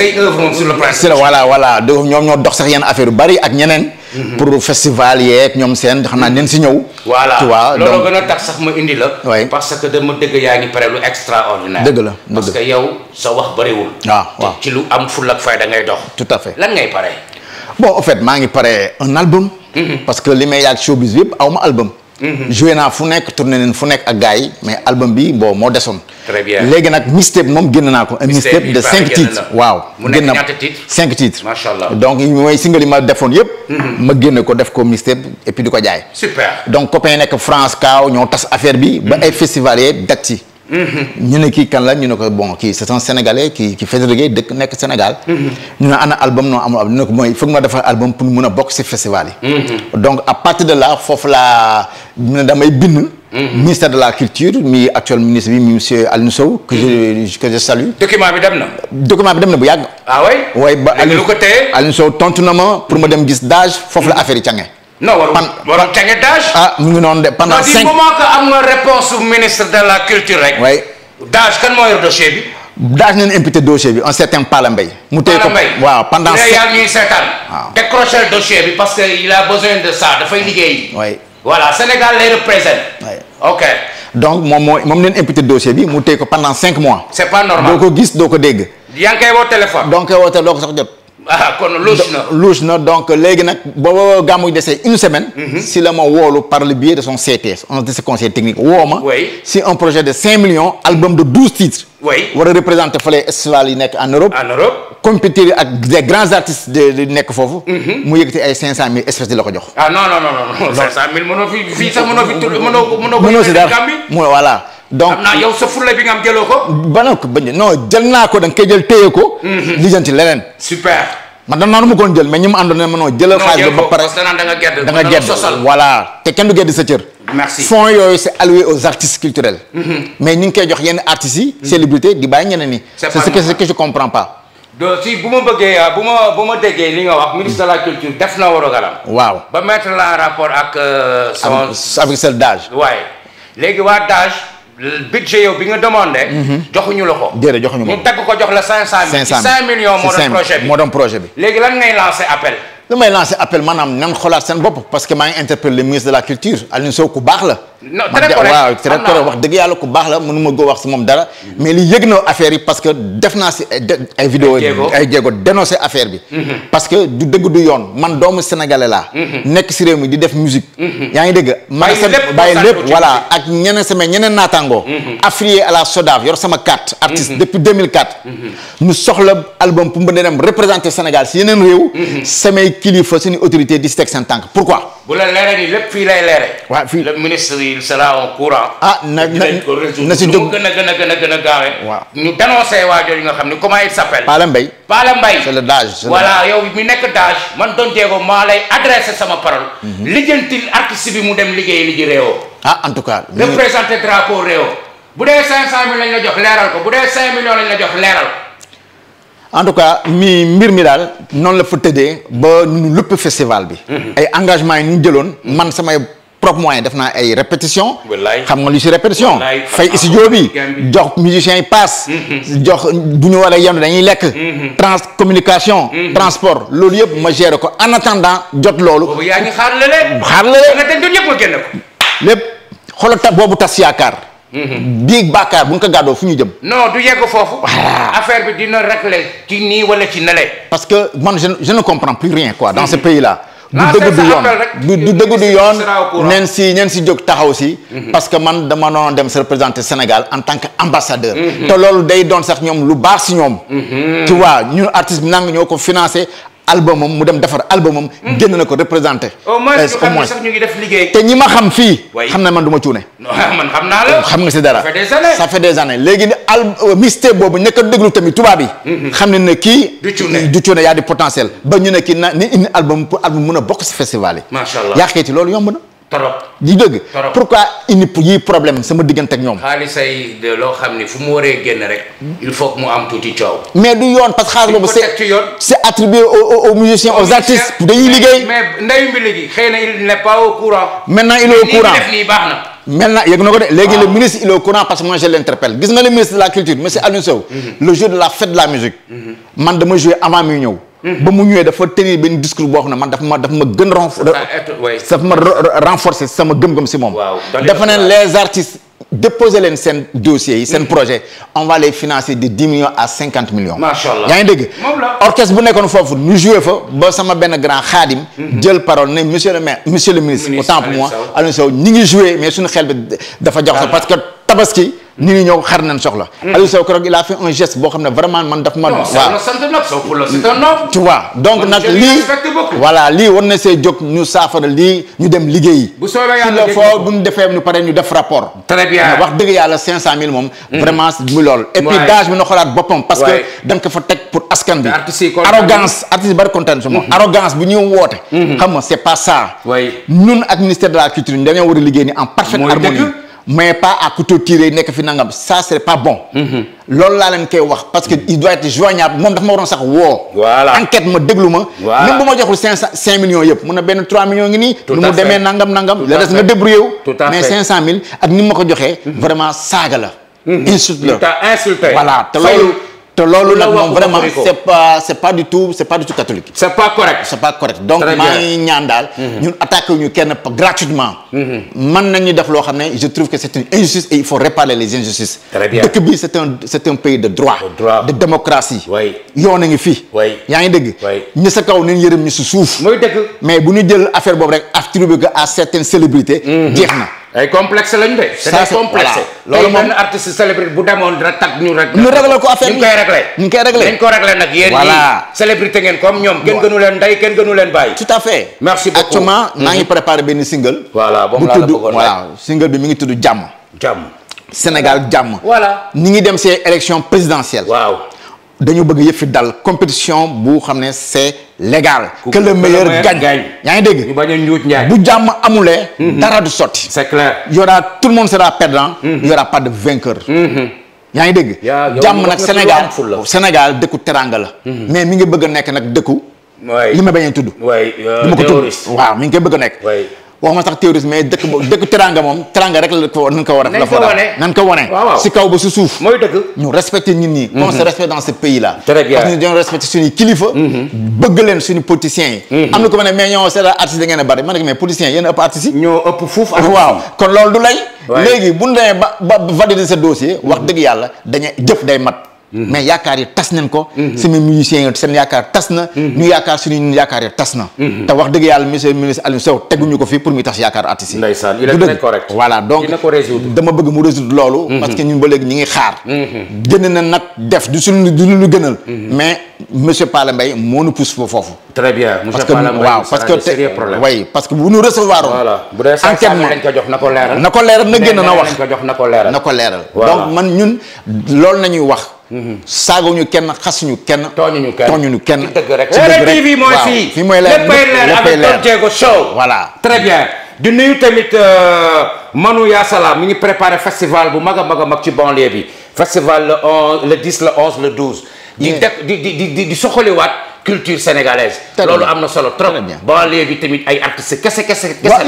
tey œuvre moom sur le ñoom ñoo dox sax yenn affaire yu bari ak ñeneen. Mhm. pour festival yeeg ñoom seen xam naa nen si ñëw. voilà tu vois donc loolu gën a tax sax ma indi la. parce que dama dëgg yaa ngi pare lu extra extraordinaire. dëgg la dëgg parce que yow sa wax bëriwul. Ah, waaw waaw ci lu am ful ak fayda ngay dox. tout à fait lan ngay pare. bon en fait maa ngi pare un album. Mhm. parce que li may yàgg showbiz yëpp aw ma album. Mhm. joué naa fu nekk tourné neen fu nekk ak gars yi mais album bi bon moo desoon. très bien léegi nag mixtape moom génn naa ko. un mixtape de cinq titres waaw. génn na cinq titres. macha allah donc mooy single yi ma defoon yëpp. Mhm. ma génn ko def ko mixtape et puis di ko jaay. super donc copain nekk France Kaaw ñoo tas affaire bi. ba mhm. ay festivalier daj ci. ñu ne kii kan la ñu ne ko bon kii c'est un sénégalais kii kii Faidherbe Gueye dëkk nekk Sénégal. ñu ne ana album non amul ne ko mooy foog ma defar album pour mun a bokk ci festival yi. donc à partir de là foofu laa ñu ne damay bind. ministère de la culture mi actuel ministre bi mi monsieur Aliou Sow. que je que document bi dem na. document bi dem na bu yàgg. ah oui. waaye ba Aliou ko téye Aliou Sow tontu na ma pour ma dem gis dage foofu la hmm. affaire yi cànge. non warul warul teg étage. ah mu ngi noonu de pendant cinq moment que am nga réponse ministre de la culture rek. daaj kan moo yor dossier bi. daaj nañu imputé dossier bi un certain Pala Mbaye. mu téye ko waaw pendant. cinq yaa ngi seetaan. waaw décrocher dossier bi parce que il a besoin de ça dafay liggéey. waay wala Sénégal lay représente. waay ok. donc moom moo moom leen imputé dossier bi mu téye ko pendant cinq mois. c'est pas normal doo ko gis doo ko dégg. yaa ngi koy woo téléphone. doo koy woo téléphone doo ko sax jot. Ah, louche na donc léegi nag booba gàmmu desee une semaine. Mhm. si la ma woolu par le biais de son CTS un de ses conseils techniques woo si un projet de 5 millions album de 12 titres. war a représenté fële festival yi nekk en Europe. en ak des grands artistes de nekk foofu. Mhm. mu yëkkati ay 500000 espèces di la ko jox. ah non non non non 500000 mënoo fi fii sax mënoo fi mënoo mënoo. mënoo si donc xam yow sa furle bi nga am jëloo ko. ba ko bañ non naa ko da koy jël téye ko. Mhm. lijjanti leneen. man da naa nu mu jël mais ñi mu àndoon ne ma non. jëlal xaalis bi ba pare da nga gedd da nga gedd voilà te kenn du gedd sa cër. fonds yooyu c'est alloué aux artistes culturels. Mhm. mais ñu ngi koy jox yenn artistes yi. Mhm. célébrité di bàyyi ñeneen ñi. c'est ce que c'est que pas. bu ma bëggee ah, bu ma bu ma déggee li nga wax ministre de la culture def na war a galam. waaw ba mettre la rapport ak. Euh, son avec celle d'âge. waaye budget yow bi nga demandé. Mhm. joxuñu la ko. déedéet joxuñu ko ñu dagg ko jox la 500000. 500000 ci 5 millions moo doon projet bi projet bi. léegi lan ngay lancé appel. lu may lancer appel maanaam nan xoolaat seen bopp parce que maa ngi interpellé le ministre de la culture Aliou Sow ku baax la. non très waaw très correct wax dëgg yàlla ku baax la mënuma goo wax si moom dara. Mhm. mais li yëg na affaire yi parce que def naa si ay ay vidéo affaire bi. Mhm. parce que du dëgg du yoon man doomu sénégalais laa. Mhm. nekk si réew mi di def musique. yaa ngi dëgg. bàyyi lépp bàyyi lépp voilà ak ñeneen sama ñeneen naataangoo. affilié à la SODAV yor kilifa suñu autorité di si teg seen tànk pourquoi. bu la leeree nii lépp fii lay leeree. waaw fii le ministre yi sera au courant. ah na na na si jóg gën a gën a gën a gën a gaawee. waaw ñu dénoncé waa jooju nga xam ne comment il s'appelle. Pala Mbaye. Pala Mbaye c'est le dage. yow mi nekk dage man Don Diego maa lay adressé sama parole. Mhm. lijjantil artiste bi mu dem liggéey li ji réewoo. ah en tout cas. représenté drapeau réewoo. bu dee 500000 lañ la jox leeral ko bu dee en tout cas mi mbir mi daal noonu la fa tëddee ba ñu lépp festival bi. Mhm. ay engagement yi ñu jëloon. Mhm. man samay propre moyen def naa ay répétition xam nga lu si répétition. fay studio bi jox musiciens yi paas. Mhm. jox bu ñu war dañuy lekk. trans communication. transport loolu yëpp ma géré ko en jot loolu. boobu yaa ngi xaar lépp. xaar lépp lépp ta boobu tas yaakaar. bii bàkkaar bu ñu ko gàddoo fu ñu jëm. no du yegg foofu. Ah. affaire bi dina réglé ci nii wala ci nale. parce que man je je ne comprends plus rien quoi dans ce hmm. pays là. du dëgg du yoon du du dëgg du yoon neen si neen si jóg taxaw si. Hmm. parce que man dama noonu dem si représenter Sénégal en tant que ambassadeur. Hmm. te loolu day doon sax ñoom lu baax si ñoom. tu vois ñun artiste ñoo ko financé albumam mu dem defar albumam. Hmm. génn na ko représenté. au moins ñu def liggéey. te ñi ma xam fii. xam na man du ma cuune. man xam naa la. nga si dara ça des années. léegi ni al euh, mystère boobu nekk déglu tamit tubaab yi. xam nañ ne kii. du cuune du cuune yaa di potentiel. ba ñu ne kii na ni indi album pour album mun a bokk si festival yi. macha allah yaa xeeti loolu yomb na. trop di dëgg. pourquoi indi yi problème sama diggante ñoom. xaalisay de loo xam ni fu mu waree génn rek. il mu am tuuti coow. mais du yoon parce que xaalis boobu c'est c'est aux musiciens aux artistes. dañuy liggéey mais ndeyu xëy na il n'est pas au courant. maintenant il est au courant def nii baax na. maintenant yëg le ministre il au courant parce que moi l'interpelle gis nga le ministre de la culture monsieur Alioune Sow. Mhm. le jour de la fête de la musique. Mhm. man dama joué avant muy ñëw. ba mu ñëwee dafa tenir benn discours boo xam ne man dafa ma dafa ma gën dafa renforcer sama gëm-gëm si moom dafa ne les artistes déposer leen seen dossiers yi seen mm-hmm. projet on va les financer de dix millions à cinquante millions yaa ngi dégg orchestre bu nekkoon foofu ñu joué fa ba sama benn grand xaadim mm-hmm. jël parole ne monsieur le maire monsieur le ministre autant pour moi Aliou Sow ñi ngi joué mais suñu xel bi dafa jox parce que tabaski ñu ngi ñëw xar nañ soxla. Hmm. Aliou Sow keroog il a fait un geste boo xam ne vraiment man daf ma. non tu vois donc nag lii. voilà lii war na see jóg ñu saafara lii ñu dem liggéey bu soobee yàlla dégg bu ñu defee ñu pare ñu def rapport. très bien ah, wax dëgg yàlla 500000 moom. Hmm. vraiment muy loolu. et puis dage bi na xoolaat boppam. parce que da ko fa teg pour askan bi. arrogance artiste bari kontaan hmm. arrogance bu ñu woote. xam nga c'est pas ça. ñun ak de la culture dañoo war a ni en parfaite mais pas à couteau tiré nekk fi nangam ça c'est pas bon. Mhm. loolu laa leen koy wax parce que il doit être joignable moom dafa ma waroon sax woo. voilà ma déglu ma. même bu ma joxul cinq cinq millions yëpp mun na benn trois millions ngi nii. nu mu demee nangam nangam. le reste nga débrouillé wu. mais cinq cent mille ak ni ma ko joxee. Mhm. vraiment saaga la. Mhm. insulte la voilà te loolu. te loolu nag moom vraiment c'est pas c'est pas du tout c'est pas du tout catholique. c'est pas correct. donc maa ñaan daal. Mhm. ñun attaqué ñu kenn gratuitement. Mhm. mën nañu def loo xam ne je trouve que c'est une injustice et il faut réparer les injustices. très bien bi c'est un pays de droit. de démocratie. oui yoon fi. oui yaa ngi dëgg. oui ñi sa kaw nañu yërëm ñu si suuf. mooy dëgg mais bu ñu jël affaire boobu rek attribué ko à certaines célébrités. Mhm. jeex na. ay complexe lañ de. ça c' loolu moom artiste célébrité bu demoon dina tag ñu rek. ñu réglé ko affaire bi ñu koy réglé. ñu koy réglé dañ ko réglé nag yéen ñii. ngeen comme ñoom. kenn gënu leen ndey kenn gënu leen bàyyi. tout à fait. merci beaucoup actuellement maa mhm. ngi préparé benn single. voilà boobu laa bi mi ngi tudd jàmm. jàmm Sénégal jàmm. voilà ñi ngi dem se élection présidentielle. waaw. dañu bëgg yëpp fi dal compétition bu xam ne c'est légal. que le meilleur gagne yaa ngi dégg. ñu bañ a bu jàmm amulee. Mhm. dara du sotti. c'est clair y aura tout le monde sera perdant. Mhm. y aura pas de vainqueur. Mhm. yaa ngi dégg. jàmm nag Sénégal Sénégal dëkku teranga la. mais mi ngi bëgg a nekk nag dëkku. li ma bañ a tudd. waay euh, ma ko tudd waaw mi ngi koy bëgg a nekk. waxuma sax terrorisme mais dëkk boobu dëkk teranga moom teranga rek la ko nan ko war a. nañ ko wane nañ ko wane. si kaw ba si suuf. mooy dëkk ñu respecté nit ñi. Mhm. respecte dans ce pays là. parce que ñu doon respecté suñu kilifa. Mhm. bëgg leen suñu politiciens yi. Mhm. am na ko ma ne mais ñoo seet artistes yi ngeen a bari ma ne mais politiciens yéen ëpp artistes ñoo ëpp fuuf waaw kon loolu du lay. léegi bu ñu ba ba valider sa dossier. wax dëgg yàlla dañuy jëf day mat. Mm-hmm. mais yaakaar yi tas nañ ko. Mm-hmm. seen musiciens yi seen yaakaar tas na. Mm-hmm. ñu yaakaar suñu ñun yaakaar yi tas na. te wax dëgg yàlla monsieur ministre Aliou Sow ñu ko fii pour muy tas yaakaar artistes yi. ndeysaan il est très correct. voilà donc dama bëgg mu résoudre loolu. parce que ñun ba léegi ñu ngi xaar. génn na nag def du suñu du lu gënal. mais monsieur paala mbay moo nu pousse foofu. très bien monsieur Palla Mbaye waaw parce que waaw parce que bu ñu recevoir. voilà bu dee sax lañ ko jox na ko leeral. na ko leeral na génn na wax na ko leeral. donc man ñun loolu nañuy wax saagawuñu kenn xasuñu kenn. tooñuñu kenn nu kenn. ci dëgg rek fii mooy fii. fii mooy leer léppay leer avec Tom Diego Show. voilà très bien. di nuyu tamit euh, Manu Yasala mi ngi préparé festival bu mag a mag a mag ci banlieue bi festival le 11 le 10 le 11 le 12. di di di di culture sénégalaise. loolu am na solo trop. banlieue bi tamit ay artistes kese kese kese la.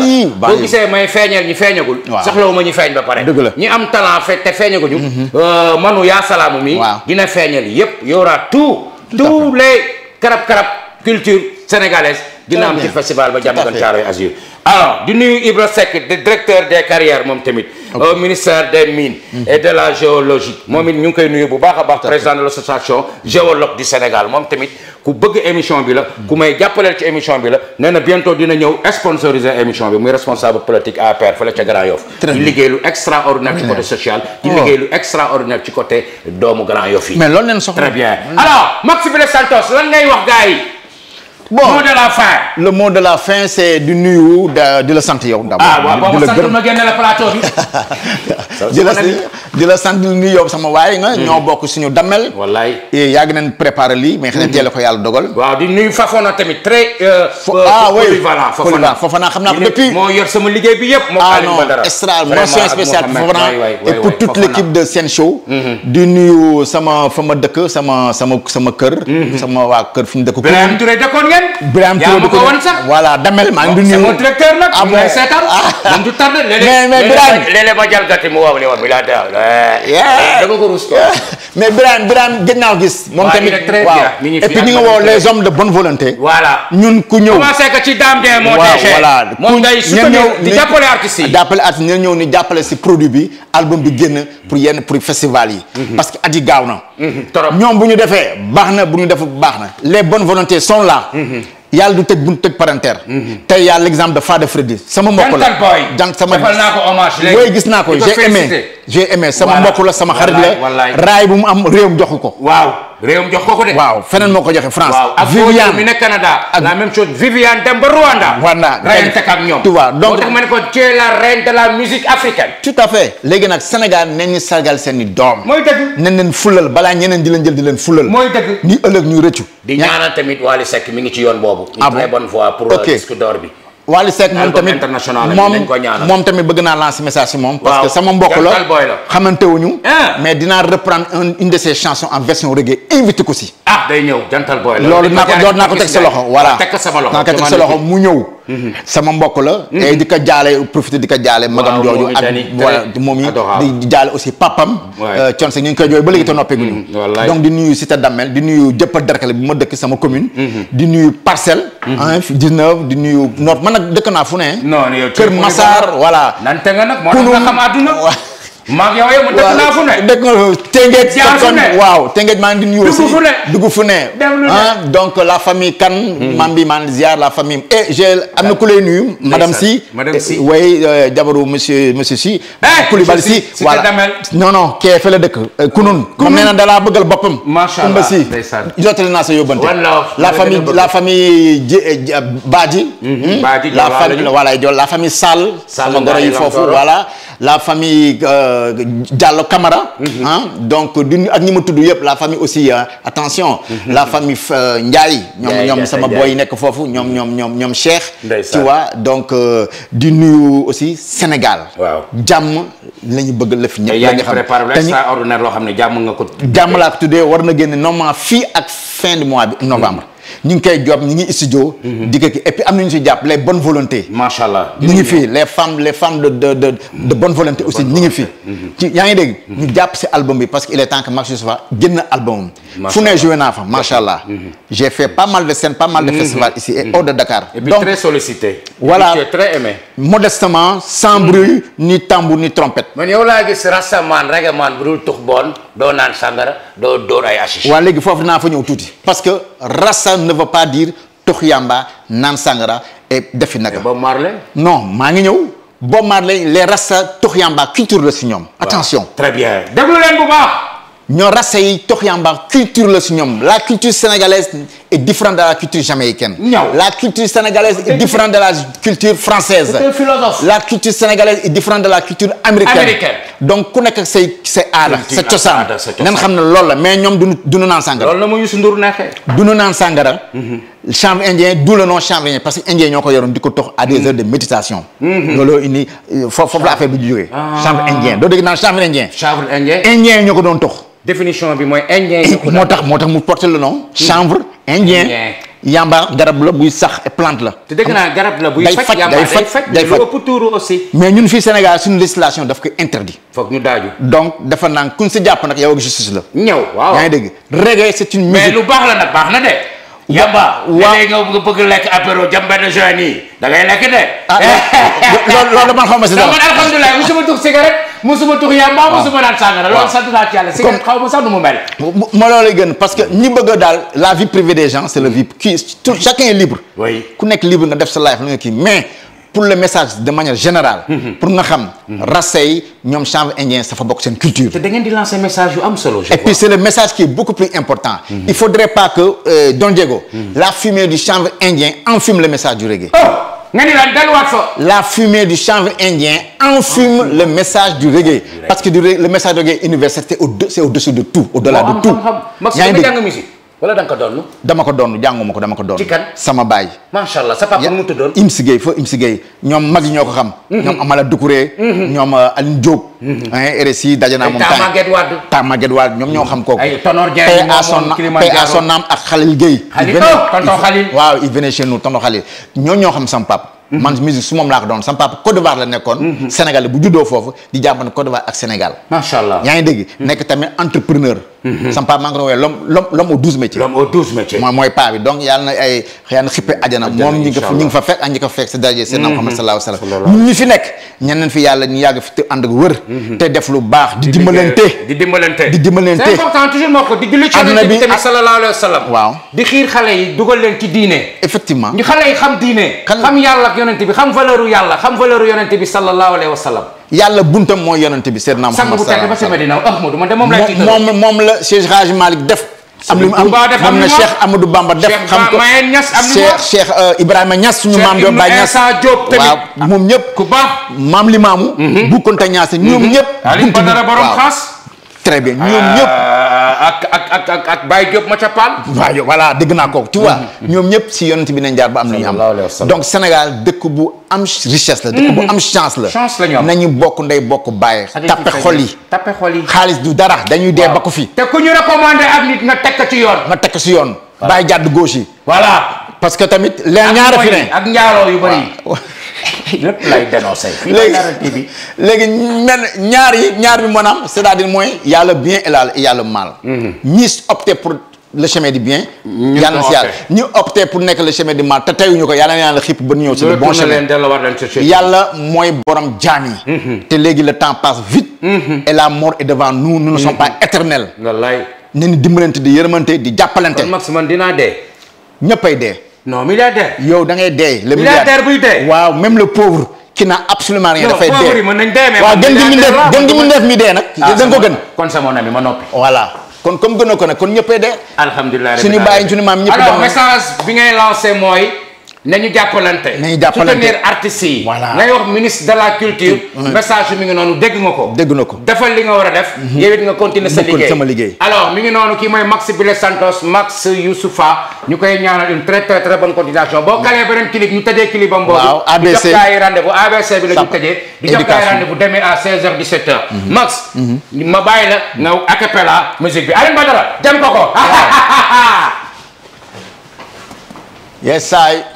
boo gisee may feeñal ñi feeñagul. waaw soxlawuma ñi feeñ ba pare. ñi am talent fe te feeñaguñu. Mhm. Euh, manu yaa salaamu mi. dina feeñal yépp y aura tout. tous les karab karab culture sénégalaise. dina am ci festival ba Diamaguène Thiaroye Azur. alors di nuyu Ibra Seck directeur des carrières moom tamit. au ministère des mines de la géologie moom it ñu ngi koy nuyu baax a baax de l'association géologue du Sénégal moom tamit ku bëgg émission bi la ku may jàppaleel ci émission bi la nee na dina ñëw sponsoriser émission bi muy responsable politique APR fële ca Grand Yoff di liggéey lu extraordinaire ci côté social di oh. liggéey lu extraordinaire ci côté doomu Grand Yoff yi mais loolu leen soxla très bien alors Max Bile Santos lan ngay wax gars bon mot de la fin. le mot de la fin c' di nuyu ah, di la sant yow. d' abord di la di la sant di nuyu yow sama waaye nga. ñoo mm. bokk suñu dammeel wallaay yàgg nañ préparer li mais xëy na mm-hmm. teel ko yàlla dogal. waaw di nuyu Fafana tamit très. Euh, euh, ah oui Fafana xam naa ko depuis. moo yor sama liggéey bi yëpp. ah non extra mention spéciale Fafana et pour toute l' de Sen Show. Mm-hmm. di nuyu sama fa ma dëkk sama sama sama kër. Mm-hmm. sama waa kër fi ñu dëkk. leen. Birame Touré du ko wan sax mais mais Birame léeg ma jalgati bi laa eh, da nga ko rus mais Birame Birame gën gis moom tamit waaw et puis ñu ngi les hommes de bonne volonté voilà ñun ku ñëw commencé que ci Dame Dieng moo voilà moom day soutenir di jàppale artistes yi jàppale artistes ñu ñëw ni jàppale si produit bi album bi génn pour yenn pour festival yi mhm. parce que at yi gaaw na mhm, ñoom bu ñu defee baax na bu ñu def baax na les bonnes volontés sont là mhm. Mhm. yàlla du tëj buñ tëj parentère mhm. tey yàlla l'exemple de Fada Freddy sama mbokk la jàng sama wooy gis naa ko j'ai aimé j'ai sama mbokk la sama xarit la raay bu am réew joxu ko réewam jox ko ko de. waaw feneen moo ko joxe France. ak Viviane mi ne Canada. la même chose dem ba Rwanda. Rwanda reyante ak ñoom. tu donc ma ne ko tu es la reine de la musique africaine. tout à fait léegi nag Sénégal nañ ñu sargal seen i doom. mooy dëgg nañ leen fulal balaa ñeneen di leen jël di leen fulal. mooy dëgg ñuy ëllëg ñuy rëccu. di ñaanal tamit Wally Seck mi ngi ci yoon boobu. ah bon une très bonne euh, bi. Wally Seck moom tamit moom moom tamit bëgg naa lancer message si moom. parce que sama mbokk la xamante wuñu ah. mais dinaa reprendre une de ses chansons en version reggae invité ko si. ah day ñëw jantal boy loolu naa ko naa ko teg sa loxo. voilà naa ko teg sa loxo mu ñëw. Mm-hmm. sama mbokk la mm-hmm. et eh, di ko jaale profité di ko jaale magam jooju ak moom yi di jaale aussi papam con euh, se ñu ngi koy ba léegi te noppeeguñu mm-hmm. donc di nuyu cité Damel di nuyu jëppal derkale bi ma dëkk sama commune di nuyu parcelle un dix-neuf di nuyu nord man nag dëkk naa fu ne Kër Massar voilà nante nga nag maa nga Tëngéej. jaar waaw Tëngéej maa ngi di nuyu aussi. Ah, donc la famille kan. Hmm. maam bi maa la famille. et eh, j' am na ku nuyu. madame si madame si. Eh, oui euh, jabaru monsieur monsieur si. Coulibaly eh, si voilà non non euh, kunun moom nee na da laa bëggal si jotali naa sa yóbbante. la famille la famille ji euh, Badji. Mm-hmm, hmm? Badji la famille voilà la famille Sall. Sall foofu voilà la famille. Euh, Diallo kamara ah mhm. donc duñu ak ñi ma tudd yëpp la famille aussi euh, attention. Mhm. la famille euh, Ndiaye. ñoom ñoom sama boy yi nekk foofu ñoom ñoom ñoom ñoom Cheikh. tu vois donc di nuyu aussi Sénégal. waaw jàmm la ñu bëgg la fi ñëpp. xam te extraordinaire loo xam ne jàmm nga ko. jàmm laa ko tuddee war na génn normalement fi ak fin de mois bi novembre. ñu ngi koy job ñu ngi studio. Mhm. di ko kii puis am nañu si jàpp les bonnes volontés. macha ñu ngi fi les femmes les femmes de de de mhm. volonté aussi ñu ngi fi. Mhm. ci yaa ngi dégg. ñu jàpp si album bi parce que il est temps que Max Youssoupha génn album fu ne joué naa fa macha allah. Mhm. j'ai fait pas mal de scènes pas mal de mhm. festivals ici et mhm. hors de Dakar. modestement sans bruit ni tambour ni trompette. man yow laa gis rastaman regeman bu dul tux bon doo naan sangara doo dóor ay assis. waaw léegi foofu naa fa ñëw tuuti. parce que rasta ne veut pas dire tux yamba naan sangara et defi naka. Bob Marley. non maa ngi ñëw. Bob Marley les rasta tux yamba culture la si ñoom. attention très bien déglu leen bu baax. ñoo rase yi tox yamba culture la si ñoom la culture sénégalaise est différente de la culture jamaïcaine. la culture sénégalaise est différente de la culture française. la culture sénégalaise est différente la culture américaine. donc ku nekk ak say say aada. sa cosaan neen xam ne loolu la mais ñoom duñu duñu naan sàngara. lool la mooy Youssou Ndour neexee. duñu naan sàngara. Mm-hmm. chanvre indien d'où le nom chanvre indien ñoo ko yoroon di ko tox à des mm. heures de méditation. Mm-hmm. loolu indi euh, foofu la affaire bi di jógee. Ah. chanvre indien doo dégg naan chanvre indien. indien ñoo ko doon tox. moo tax mu porté le nom. Mm. chanvre indien. yamba garab la buy sax plante la. te dëgg naa garab la buy faj yamba day faj day faj ëpp tuuru mais ñun fii Sénégal suñu législation daf ko interdit. foog ñu daaju. donc dafa naan kuñ si jàpp nag yow ak justice la. ñëw waaw dégg reggae c'est une musique lu baax la nag yamba waaw nga bëgg lekk apéro jam benn joint nii da ngay lekk de. ah loolu man xaw ma si dara. man alhamdulilah musuma tux cigarette musuma tux yamba ah. musuma naan sàngara loolu sant naa ci yàlla cigarette xaw ma mu mel. ma loolu gën parce que ñi bëgg daal la vie privée des gens c'est la vie kii chacun est libre. oui ku nekk libre nga def sa life nga kii mais. pour le message de manière générale. Mm-hmm. pour nga xam. Mm-hmm. race yi ñoom chanvre indien sa fa bokk seen culture. te ngeen di lancer message yu am et puis le message qui est beaucoup plus important. Mm-hmm. il faudrait pas que euh, Don Diego. la fumée du chanvre indien enfume le message du reggae. Oh! nga la delluwaat fa. la fumée du message du reggae. parce que le message du reggae universel c' au dessus de tout au delà de tout. wala da nga ko doon. dama ko doon jànguma ko dama ko doon. ci kan sama baay. macha allah sa papa mu tuddoon. Imsi Gueye foo Imsi Gueye ñoom mag ñoo ko xam. Mhm. ñoom Amala Doucouré. Mhm. ñoom euh, Aline Diop. Mhm. RSI daje naa moom temps Tamaguette Wade. Tamaguette Wade ñoom ñoo xam kooku. ay Tonor Dieng paix à son âme ak Khalil Gueye. Khalil oh, tonton Khalil waaw il venait chez nous tonton Khalil ñoo ñoo xam sama papa. man musique su moom laa ko doon sama papa Côte la nekkoon. Sénégal bu juddoo foofu di jàmban Côte d'Ivoire ak Sénégal. macha allah yaa ngi dégg. nekk tamit entrepreneur Mhm. sama paa maa ngi ko woowee l'homme l'homme l'homme aux douze métiers. l'homme aux douze métiers. mooy mooy paa bi donc yàlla na ay yàlla xippe ajana moom ñi fa fekk ak ñi ko fekk si daraje seen mhm. Muhammad sallallahu alayhi wa sallam ñi fi nekk ñeneen fi yàlla ñu yàgg fi te ànd ak wër mhm. te def lu baax di dimbalante di dimbalante di dimbalante c'est important di julli ci Yonent bi tamit sallallahu alayhi wa sallam waaw di xiir xale yi dugal leen ci diine effectivement xale yi xam diine xam yàlla ak Yonent bi xam valeur u yàlla xam valeur yàlla buntam mooy yonent bi seet naa Muhammad moom moom la Cheikh Hadj Malick def am li mu moom la Cheikh Amadou Bamba def xam ko Cheikh Cheikh euh, Ibrahima Niass suñu maam doon Baye Niass waaw moom ñëpp ku baax maam li maamu bu konta Niass ñoom ñëpp buntu bi waaw ñoom ñëpp ak ak ak ma ca Paal. waaw voilà dégg naa ko tu vois. Mhm. ñoom ñëpp si yonent bi nañ jaar ba am nañu am. donc Sénégal dëkk bu am richesse la. dëkk bu mhm. am chance la. nañu bokk ndey bokk bàyyi. tappe xol xaalis du dara dañuy dee ba ko fi. te ku ñu recommandé ak nit nga teg ci yoon. nga teg ci yoon. bàyyi jàdd gauche yi. parce que tamit. leen ñaara fi ne ak njaaroo yu bëri lépp léegi fii ñaari ñaar bi mën a am c'est-à-dire mooy y a le bien et la y a le mal. Mhm. ñi opté pour le chemin du bien. yàlla na si yàlla ñu opté pour nekk le chemin du mal te teyuñu ko yàlla na yàlla xipp ba ñu ñëw. si le bon chemin yàlla mooy borom jaam yi. Mhm. te léegi le temps passe vite. Mhm. et la mort est devant nous nous ne sommes pas éternels. wallaay. nañu dimbalante di yërmante di jàppalante. kon de man dinaa dee. non milliardaire. yow da ngay dee. le milliardaire waaw même le pauvre. qui n'a absolument rien dafay dee. mën nañ dee waaw gën gi mu def gën gi mu def mi dee nag. ah ko gën. kon sama nami ma noppi. voilà kon comme gënoo ko nag kon ñëppay dee. alhamdulilah suñu bàyyi suñu maam ñëpp. alors message bi ngay lancé mooy. nañu jàppalante. nañu jàppalante soutenir artistes yi. voilà ngay wax ministre de la culture. Mm, mm. message bi mi ngi noonu dégg nga ko. dégg na ko defal li nga war a def. Mm-hmm. yow it nga continuer sa liggéey sama liggéey. alors mi ngi noonu kii mooy Max Bile Santos Max Youssoufa ñu koy ñaanal une très très très bonne continuation boo mm. kalee beneen clip ñu tëjee clip am boobu. waaw ABC di jox kaay rendez-vous ABC bi mm-hmm. Max. Mm-hmm. ma bàyyi la nga a musique bi Alioune Badara jëm ko ko.